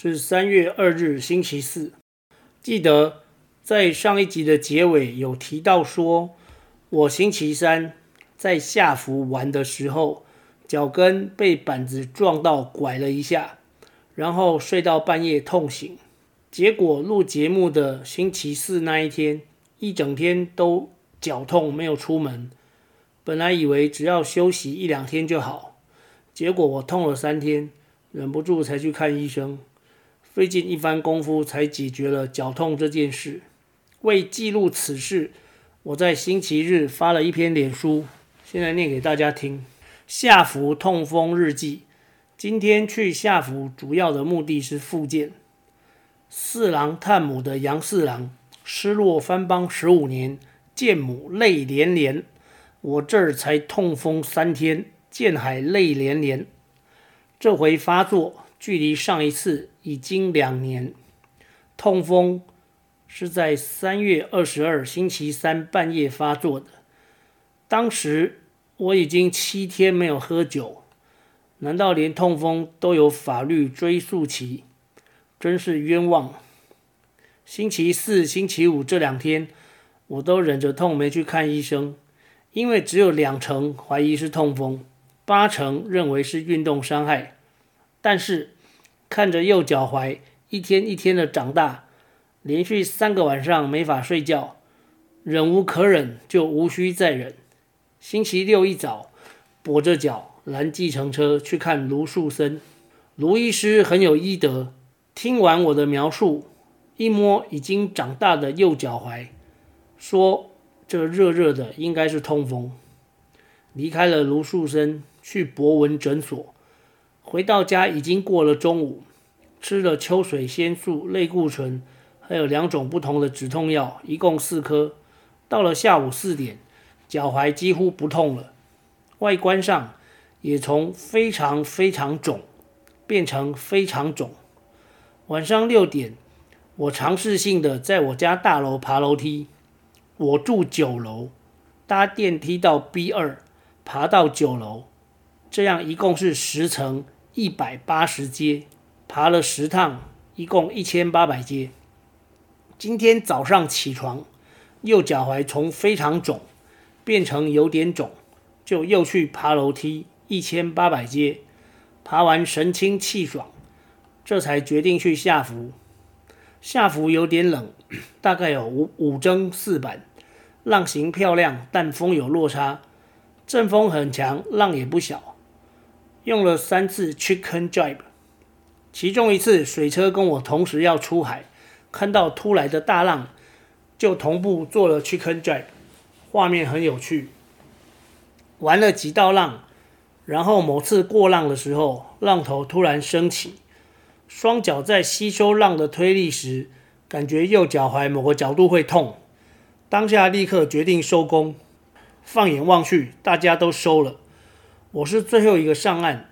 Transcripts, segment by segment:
是三月二日星期四，記得在上一集的結尾有提到說，我星期三在下浮玩的時候，腳跟被板子撞到，拐了一下，然後睡到半夜痛醒，結果錄節目的星期四那一天，一整天都腳痛，沒有出門。本來以為只要休息一兩天就好，結果我痛了三天，忍不住才去看醫生。最近一番功夫才解決了腳痛這件事。為記錄此事，我在星期日發了一篇臉書，現在念給大家聽。夏福痛風日記：今天去夏福，主要的目的是復健。四郎探母的楊四郎，失落番邦十五年，見母淚漣漣。我這兒才痛風三天，見海淚漣漣。這回發作。距離上一次已經兩年，痛風是在三月二十二星期三半夜發作的，當時我已經七天沒有喝酒，難道連痛風都有法律追溯期？真是冤枉！星期四、星期五這兩天，我都忍着痛沒去看醫生，因為只有兩成懷疑是痛風，八成認為是運動傷害。但是，看着右腳踝一天一天的長大，連續三個晚上沒法睡覺，忍無可忍就無需再忍。星期六一早，跛着腳攔計程車去看盧樹森。盧醫師很有醫德，聽完我的描述，一摸已經長大的右腳踝，說：“這熱熱的應該是痛風。”離開了盧樹森，去博文診所。回到家已經過了中午，吃了秋水仙素、類固醇，還有兩種不同的止痛藥，一共四顆。到了下午四點，腳踝幾乎不痛了，外觀上也從非常非常腫變成非常腫。晚上六點，我嘗試性的在我家大樓爬樓梯，我住九樓，搭電梯到 B 二，爬到九樓，這樣一共是十層。一百八十階，爬了十趟，一共一千八百階。今天早上起床，右腳踝從非常腫變成有點腫，就又去爬樓梯一千八百階，爬完神清氣爽，這才決定去下浮。下浮有點冷，大概有五五征四板，浪型漂亮，但風有落差，陣風很強，浪也不小。用了三次 chicken dive，其中一次水車跟我同時要出海，看到突來的大浪，就同步做了 chicken dive，畫面很有趣。玩了幾道浪，然後某次過浪的時候，浪頭突然升起，雙腳在吸收浪的推力時，感覺右腳踝某個角度會痛，當下立刻決定收工。放眼望去，大家都收了。我是最後一個上岸。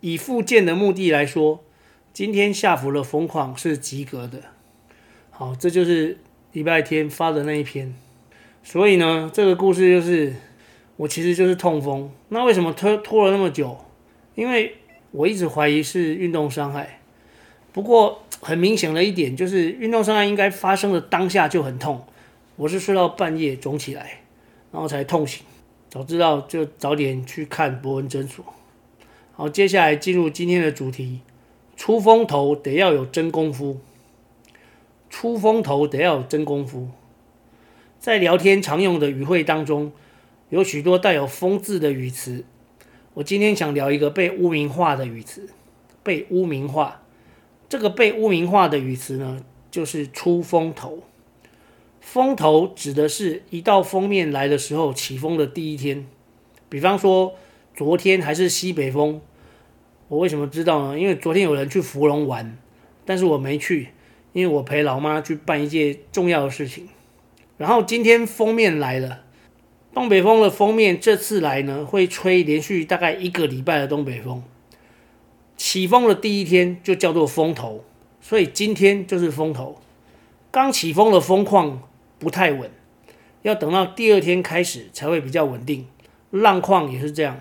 以復健的目的來說，今天下浮的風況是及格的。好，這就是禮拜天發的那一篇。所以呢，這個故事就是我其實就是痛風。那為什麼拖拖了那麼久？因為我一直懷疑是運動傷害。不過很明顯的一點就是，運動傷害應該發生的當下就很痛。我是睡到半夜腫起來，然後才痛醒。早知道就早點去看博文診所。好，接下來進入今天的主題：出風頭得要有真功夫。出風頭得要有真功夫。在聊天常用的語彙當中，有許多帶有“風”字的語詞。我今天想聊一個被污名化的語詞。被污名化，這個被污名化的語詞呢，就是出風頭。風頭指的是一到鋒面來的時候，起風的第一天。比方說昨天還是西北風，我為什麼知道呢？因為昨天有人去芙蓉玩，但是我沒去，因為我陪老媽去辦一件重要的事情。然後今天鋒面來了，東北風的鋒面，這次來呢，會吹連續大概一個禮拜的東北風。起風的第一天就叫做風頭，所以今天就是風頭，剛起風的風況不太穩，要等到第二天開始才會比較穩定。浪況也是這樣，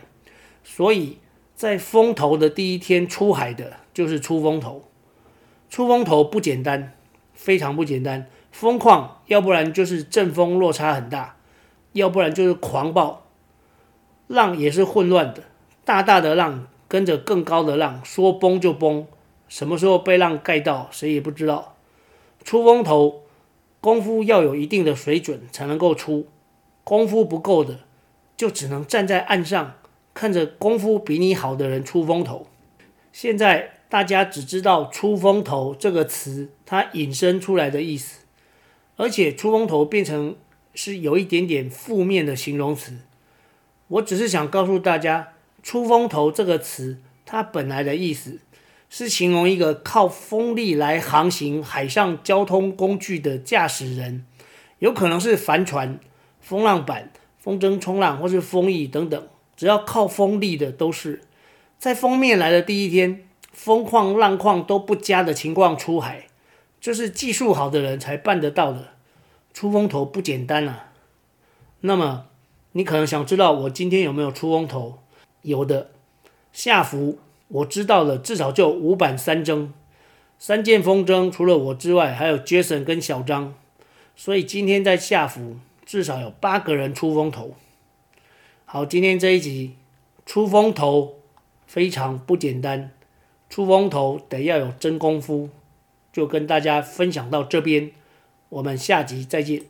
所以在風頭的第一天出海的就是出風頭，出風頭不簡單，非常不簡單。風況要不然就是陣風落差很大，要不然就是狂暴，浪也是混亂的，大大的浪跟着更高的浪，說崩就崩，什麼時候被浪蓋到，誰也不知道。出風頭。功夫要有一定的水準才能夠出，功夫不夠的就只能站在岸上看着功夫比你好的人出風頭。現在大家只知道“出風頭”這個詞它引申出來的意思，而且“出風頭”變成是有一點點負面的形容詞。我只是想告訴大家，“出風頭”這個詞它本來的意思。是形容一個靠風力來航行海上交通工具的駕駛人，有可能是帆船、風浪板、風箏衝浪或是風翼等等，只要靠風力的都是。在鋒面來的第一天，風況浪況都不佳的情況出海，這，就是技術好的人才辦得到的，出風頭不簡單啊。那麼你可能想知道我今天有沒有出風頭？有的，下浮。我知道了，至少就五版三爭，三件風箏，除了我之外，還有 Jason 跟小張，所以今天在下府至少有八個人出風頭。好，今天這一集出風頭非常不簡單，出風頭得要有真功夫，就跟大家分享到這邊，我們下集再見。